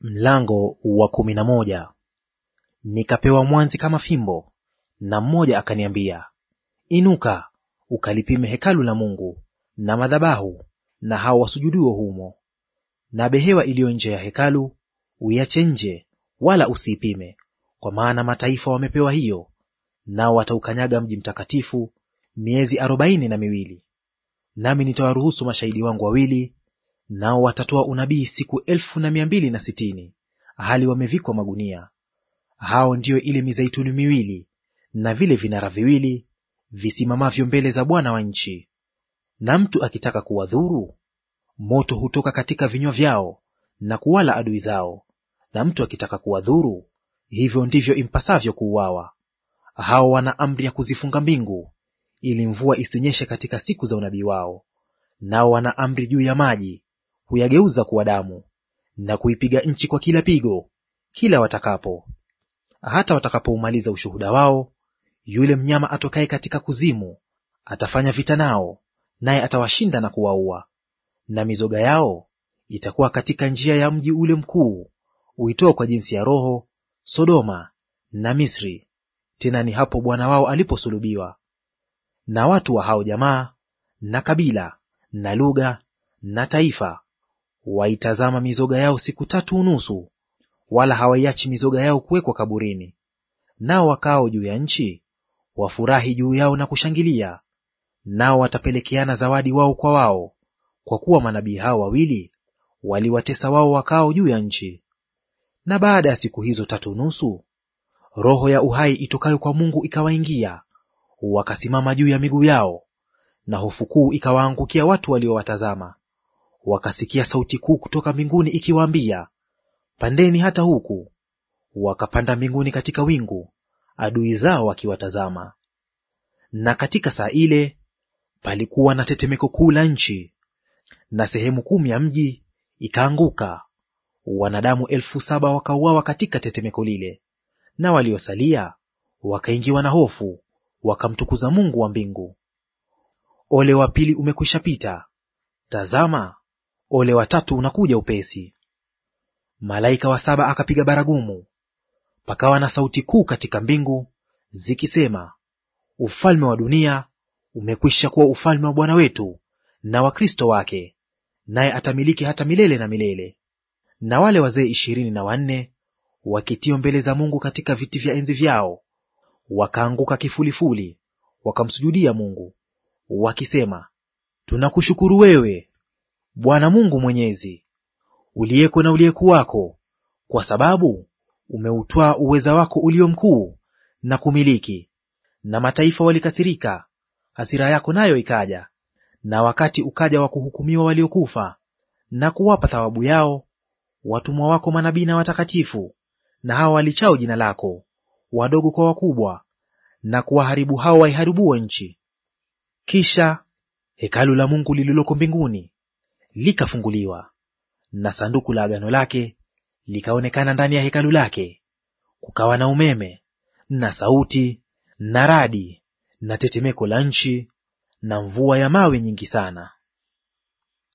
Mlango wa kumi na moja. Nikapewa mwanzi kama fimbo, na mmoja akaniambia, Inuka ukalipime hekalu la Mungu na madhabahu na hao wasujudio humo, na behewa iliyo nje ya hekalu uiache nje, wala usiipime, kwa maana mataifa wamepewa hiyo, nao wataukanyaga mji mtakatifu miezi arobaini na miwili. Nami nitawaruhusu mashahidi wangu wawili nao watatoa unabii siku elfu na mia mbili na sitini hali wamevikwa magunia. Hao ndiyo ile mizeituni miwili na vile vinara viwili visimamavyo mbele za Bwana wa nchi. Na mtu akitaka kuwadhuru, moto hutoka katika vinywa vyao na kuwala adui zao. Na mtu akitaka kuwadhuru, hivyo ndivyo impasavyo kuuawa. Hao wana amri ya kuzifunga mbingu ili mvua isinyeshe katika siku za unabii wao, nao wana amri juu ya maji huyageuza kuwa damu na kuipiga nchi kwa kila pigo kila watakapo. Hata watakapoumaliza ushuhuda wao, yule mnyama atokaye katika kuzimu atafanya vita nao, naye atawashinda na kuwaua. Na mizoga yao itakuwa katika njia ya mji ule mkuu uitoo kwa jinsi ya roho, Sodoma na Misri; tena ni hapo Bwana wao aliposulubiwa. Na watu wa hao jamaa na kabila na lugha na taifa waitazama mizoga yao siku tatu unusu, wala hawaiachi mizoga yao kuwekwa kaburini. Nao wakaao juu ya nchi wafurahi juu yao na kushangilia, nao watapelekeana zawadi wao kwa wao, kwa kuwa manabii hao wawili waliwatesa wao wakao juu ya nchi. Na baada ya siku hizo tatu nusu, roho ya uhai itokayo kwa Mungu ikawaingia, wakasimama juu ya miguu yao, na hofu kuu ikawaangukia watu waliowatazama wakasikia sauti kuu kutoka mbinguni ikiwaambia, pandeni hata huku. Wakapanda mbinguni katika wingu, adui zao wakiwatazama. Na katika saa ile palikuwa na tetemeko kuu la nchi, na sehemu kumi ya mji ikaanguka, wanadamu elfu saba wakauawa katika tetemeko lile. Na waliosalia wakaingiwa na hofu, wakamtukuza Mungu wa mbingu. Ole wa pili umekwisha pita; tazama, ole wa tatu unakuja upesi. Malaika wa saba akapiga baragumu, pakawa na sauti kuu katika mbingu zikisema, ufalme wa dunia umekwisha kuwa ufalme wa Bwana wetu na wa Kristo wake, naye atamiliki hata milele na milele. Na wale wazee ishirini na wanne wakitio mbele za Mungu katika viti vya enzi vyao, wakaanguka kifulifuli, wakamsujudia Mungu wakisema, tunakushukuru wewe Bwana Mungu Mwenyezi, uliyeko na uliyekuwako, kwa sababu umeutwaa uweza wako ulio mkuu na kumiliki. Na mataifa walikasirika, hasira yako nayo ikaja, na wakati ukaja wa kuhukumiwa waliokufa na kuwapa thawabu yao watumwa wako manabii na watakatifu, na hawa walichao jina lako, wadogo kwa wakubwa, na kuwaharibu hao waiharibuo nchi. Kisha hekalu la Mungu lililoko mbinguni likafunguliwa, na sanduku la agano lake likaonekana ndani ya hekalu lake. Kukawa na umeme na sauti na radi na tetemeko la nchi na mvua ya mawe nyingi sana.